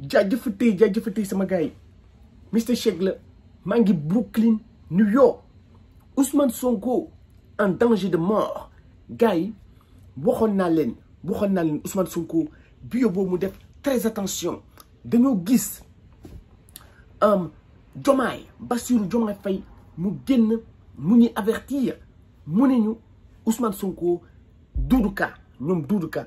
j'ai jaajëfatee sama gars sama Mister mr chegle Brooklyn New York Ousmane Sonko en danger de mort gars waxon na len Ousmane Sonko bio mu très attention dañoo gis jomay Basirou jomay mu avertir mu Ousmane Sonko Doudou Ka ñom Doudou Ka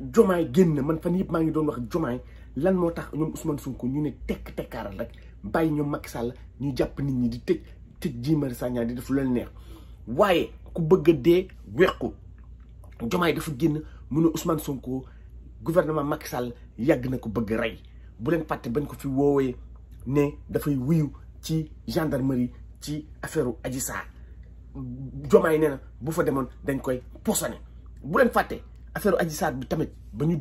jomaay génn man fan yëpp maa ngi doon wax jomaay lan moo tax ñoom Ousmane Sonko ñu ne tekk tekkaaral rek bàyyi ñoom Macky Sall ñu jàpp nit ñi di tëj tëj Guy Marius Sagna di def lu leen neex waaye ku bëgg a dee wequ jomaay dafa génn mu ne Sonko gouvernement Macky Sall yàgg na ko bëgg a bu leen fàtte bañ ko fi woowee ne dafay wuyu ci gendarmerie ci affaire Adji Sarr jomaay nee na bu fa demoon dañ koy posone bu leen fàtte. affaire Adji Sarr bi tamit ba ñu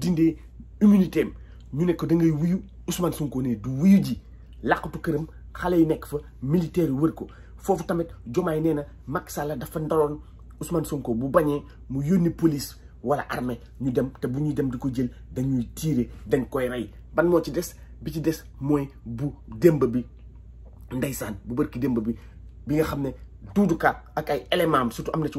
immunité ñu ne ko da ngay wuyu Ousmane Sonko ne du wuyu ji laqatu kërëm xalé yi nekk fa militaire yi wër ko fofu tamit jomay dafa Ousmane Sonko bu bañé mu yoni police wala armée ñu dem te bu ñuy dem diko jël dañuy tirer dañ koy ray ban mo ci dess bi ci dess moy bu démb bi ndaysan bu barki démb bi bi nga xamné ne Doudou Ka ak ay élément surtout amna ci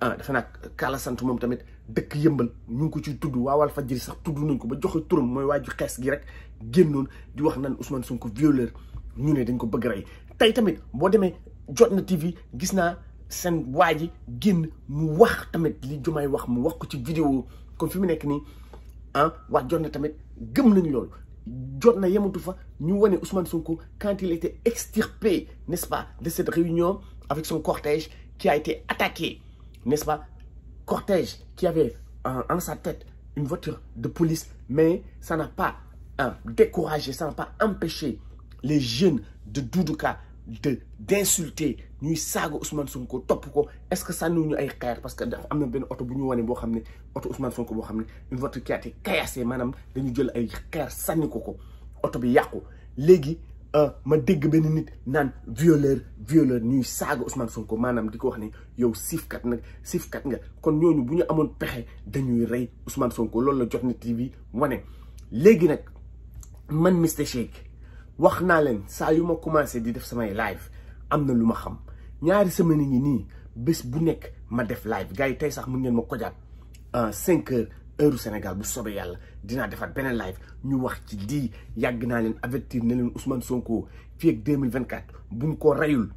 ah defe naa Kala sant moom tamit dëkk yembal ñu ngi ko ciy tudd waa Walfadjri sax tuddu nañ ko ba joxe turum moy waju ju gi rek gennoon di wax nan Ousmane Sonko violeur ñu ne dañ ko bëgg ray tay tamit bo démé jotna TV Gisna naa seen waa ji mu wax tamit li jumaay wax mu wax ko ci vidéo kon fi mu nekk ah waa tamit gëm nañ lool jotna ñu wone Ousmane Sonko quand il était extirpé n'est-ce pas de cette réunion avec son cortège qui a été attaqué n'est-ce pas, cortège qui avait en, sa tête une voiture de police, mais ça n'a pas euh, découragé, ça n'a pas empêché les jeunes de Doudouka d'insulter nous sago Ousmane Sonko top pourquoi est-ce que ça nous ay parce que dafa am na benn Ousmane Sonko une voiture qui a été caillassée madame dañu jël ay ko ko bi Euh, ma dégg benn nit naan violeur violeur ñuy saaga Ousmane Sonko maanaam di ko wax nii yow siifkat nag siifkat nga kon ñooñu bu ñu amoon pexe dañuy rey Ousmane Sonko loolu la Jotna TV wane. léegi nag man Mister Shake wax naa leen saa yu ma commencé di def samay live am na lu ma xam ñaari semaine ñi nii bés bu nekk ma def live gars yi tey sax mën ngeen ma kojaat en cinq heures. heure Sénégal bu soobee yàlla dinaa defaat beneen live ñu wax ci lii yàgg naa leen avertir ne leen Ousmane Sonko fii ak 2024 buñ ko reyul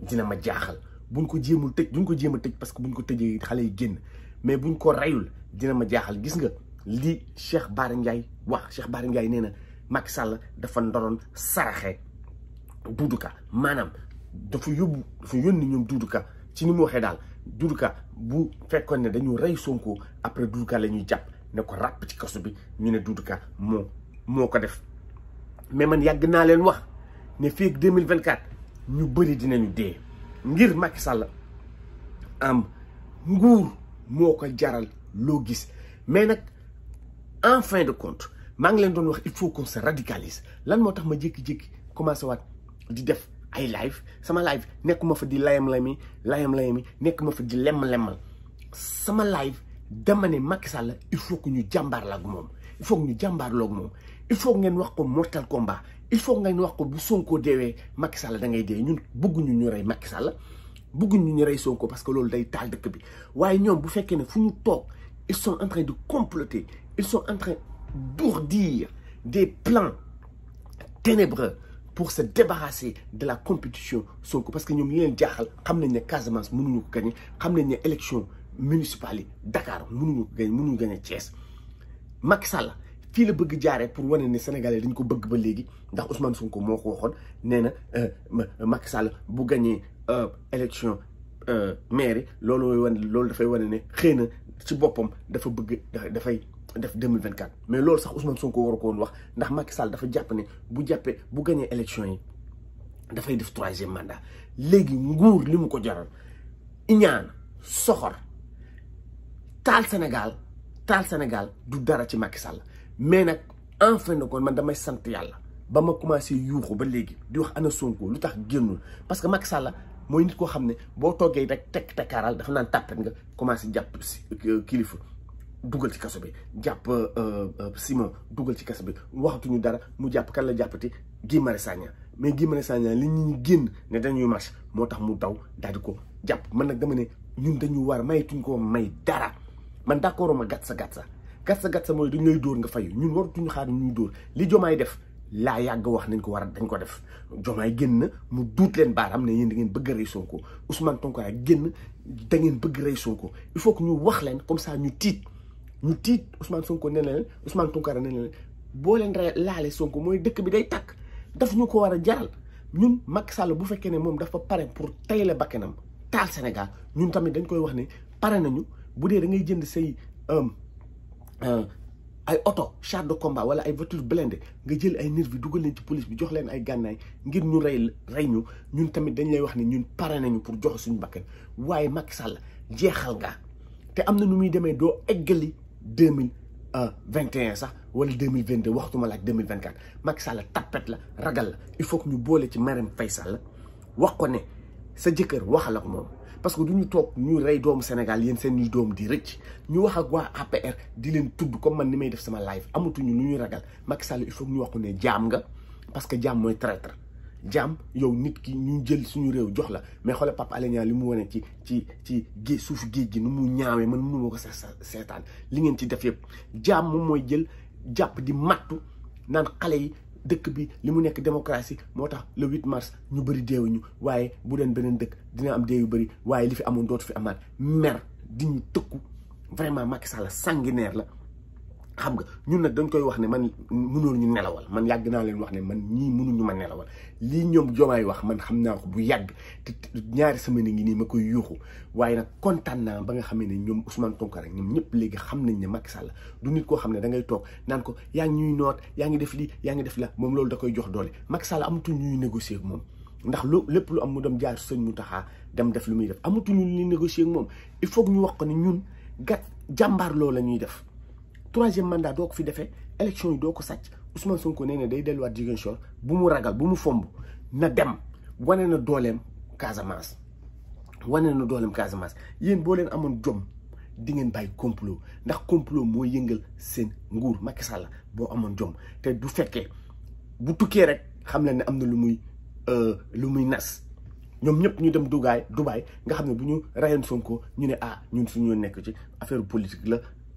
dina ma jaaxal buñ ko jéemul tëj buñ ko jéem a tëj parce que buñ ko tëjee xale yi génn mais buñ ko rayul dina ma jaaxal gis nga lii Cheikh Bara Ndiaye wax Cheikh Bara Ndiaye nee na Macky sàll dafa ndoroon saraxe Doudou maanaam dafa yóbbu dafa yónni ñoom Doudou Ka ci ni mu waxee daal Doudouka bu fekkone ne dañu rey Sonko après Doudouka les japp ne ko rap ci bi ñu def mais man ne 2024 ñu dinañu dé ngir Macky Sall am nguur moko jaral lo mais en fin de compte leen il faut qu'on se radicalise lan motax commencé di def ay live sama live nekkuma fa di layam layami layam layami nekkuma fa di lemm lemmal sama live dama ne Macky Sall il faut que ñu jambar la mom il faut que ñu jambar loog mom il faut ngeen wax ko mortal combat il faut ngeen wax ko bu Sonko maxal Macky Sall da ngay dee ñun bëggu ñu rey Macky Sall bëggu ñu ray Sonko parce que loolu day taal dëkk bi waye ñom bu fekkee ne fu ñu ils sont en train de comploter ils sont en train d'ourdir des plans ténébreux pour se débarrasser de la compétition Sonko parce que ñom ñu leen jaaxal xam nañ ne Casamance mënuñu ko gagné xam nañ ne élection municipale Dakar mënuñu ko gagné mënuñu gagné Thiès Macky Sall fi la bëgg jaaree pour wone ni Sénégalais dañ ko bëgg ba léegi ndax Ousmane Sonko moko ko waxoon nee euh, Macky Sall bu gagné euh, élection euh, maire loolu mooy wane loolu dafay wane ne xëy ci boppam dafa bëgg fay def 2024 mais loolu sax Ousmane Sonko war ko woon wax ndax Macky Sall dafa jàpp ne bu jàppee bu gañee élection yi dafay def troisième mandat léegi nguur li mu ko jaral iñaan soxor taal Sénégal taal Sénégal du dara ci Macky Sall mais nag en fin de compte man damay sant yàlla ba ma commencé yuuxu ba léegi di wax ana Sonko lu tax génnul parce que Macky Sall mooy nit koo xam ne boo toggee rek tekk tekkaaral dafa naan tàppet nga commencé jàpp si euh, kilifa dugal ci kaso bi jàpp euh, euh, Simon dugal ci kaso bi waxatuñu dara mu jàpp kan la jàppati Guy Marius Sagna mais Guy Marius Sagna li ñu génn ne dañuy marche moo tax mu daw daal ko jàpp man nag dama ne ñun dañu war maytuñ ko may dara man d'accord ma gàtt sa gàtt sa gàtt sa gàtt sa mooy dañ lay dóor nga fayu ñun waratuñu xaar ñuy dóor li jomaay def laa yàgg wax nañ ko war a dañ ko def jomaay génn mu duut leen baaraam ne ñun da ngeen bëgg a rey Sonko Ousmane Tounkara génn da ngeen bëgg rey Sonko il ñu wax leen comme ça ñu tiit ñu tiit Ousmane Sonko nee na leen Ousmane Tounkara nee leen boo leen laale Sonko mooy dëkk bi day takk daf ñu ko war a jaral ñun Macky Sall bu fekkee ne moom dafa pare pour tayle bakkanam taal Sénégal ñun tamit dañ koy wax ne pare nañu bu dee da ngay jënd say um, euh, ay oto char de combat wala ay voiture blindée nga jël ay nervi dugal leen ci police bi jox leen ay gànnaay ngir ñu rey rey ñu ñun tamit dañ lay wax ni ñun pare nañu pour joxe suñu bakkan waaye Macky Sall jeexal nga te am na nu muy demee doo eggali. 2021 ça ou un sax wala 2022 waxtuma la 2024. Sall la ragal il faut que nous bolé ci wax ko ne sa pas parce que duñu tok ñu rey doom Sénégal yeen seen ñu doom di rëcc ñu wax ak wa APR di leen comme man ni def sama live nous ñu ñuy ragal Macky il faut que ñu wax ko parce que jam moy traître. jàmm yow nit ki ñu jël suñu réew jox la mais xoolal Pape Alé li mu wane ci ci ci géej suuf géej gi nu mu ñaawee man mënu ma ko seetaan li ngeen ci def yëpp jàmm moom mooy jël jàpp di mattu naan xale yi dëkk bi li mu nekk démocratie moo tax le huit mars ñu bëri deewuñu waaye bu doon beneen dëkk dina am dee yu bëri waaye li fi amoon dootu fi amaan mer di ñu tëkku vraiment Macky Sall sanguinaire la. xam nga ñun nag dañ koy wax ne man mënoon ñu nelawal man yàgg naa leen wax ne man ñii mënuñu ma nelawal lii ñoom joomaay wax man xam naa ko bu yàgg te ñaari semaine ngi nii ma koy yuuxu waaye nag kontaan naa ba nga xamee ne ñoom Ousmane Tounkara ñoom ñëpp léegi xam nañ ne mag Sall du nit koo xam ne dangay toog naan ko yaa ngi ñuy noot yaa ngi def lii yaa ngi def la moom loolu da koy jox doole mag Sall amatul ñuy négocier ak moom ndax lu lépp lu am mu dem jaar sëñ mu taxaa dem def lu muy def amatul ñu li négocier moom il faut que wax ko ne ñun gat jàmbaar loo la ñuy def troisième mandat dok fi defee élection yi doko ko Ousmane Sonko néna na day delluwaat Ziguinchor bu mu ragal bu mu fomb na dem wané na Dolem Casamance wané na dooleem Casamance yeen bo len amone jom di ngén bay complot ndax complot moo yëngël sen nguur Macky Sall bo amone jom te du féké bu tukkee rek xam leen ne lu muy euh, lu muy nas ñom ñëpp ñu dem nga bu Sonko ñu né ah ñun suñu nekk ci affaire politique la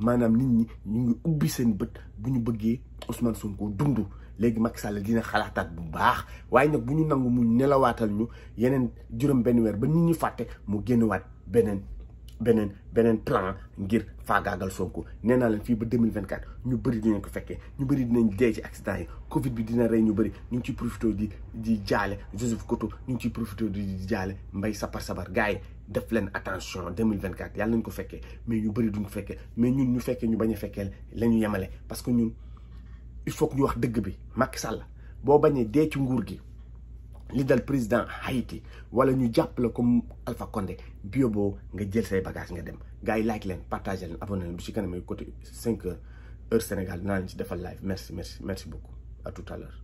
maanaam nit ñi ñu ngi ubbi seen bët bu ñu bëggee Ousmane Sonko dund léegi Macky Sall dina xalaataat bu baax waaye nag bu ñu nangu mu nelawaatal ñu yeneen juróom benn weer ba nit ñi fàtte mu génnewaat beneen beneen beneen plan ngir faagaagal Sonko nee naa leen fii ba 2024 ñu bëri dinañ ko fekkee ñu bëri dinañ dee ci accident yi Covid bi dina rey ñu bëri ñu ci ciy di di jaale Joseph Koto ñu ngi ciy profité di jaale mbay Sapar Sapar gars yi Deflen attention 2024 yalla qui ko que mais ñu bari duñ que mais ñun ñu fait ñu baña lañu parce que ñun il faut que ñu wax dëgg bi Macky Sall bo bañé ci président Haïti wala ñu comme Alpha Condé bio nga jël say dem like partage, partager abonné vous bu ci côté 5 heures heure Sénégal live merci merci merci beaucoup à tout à l'heure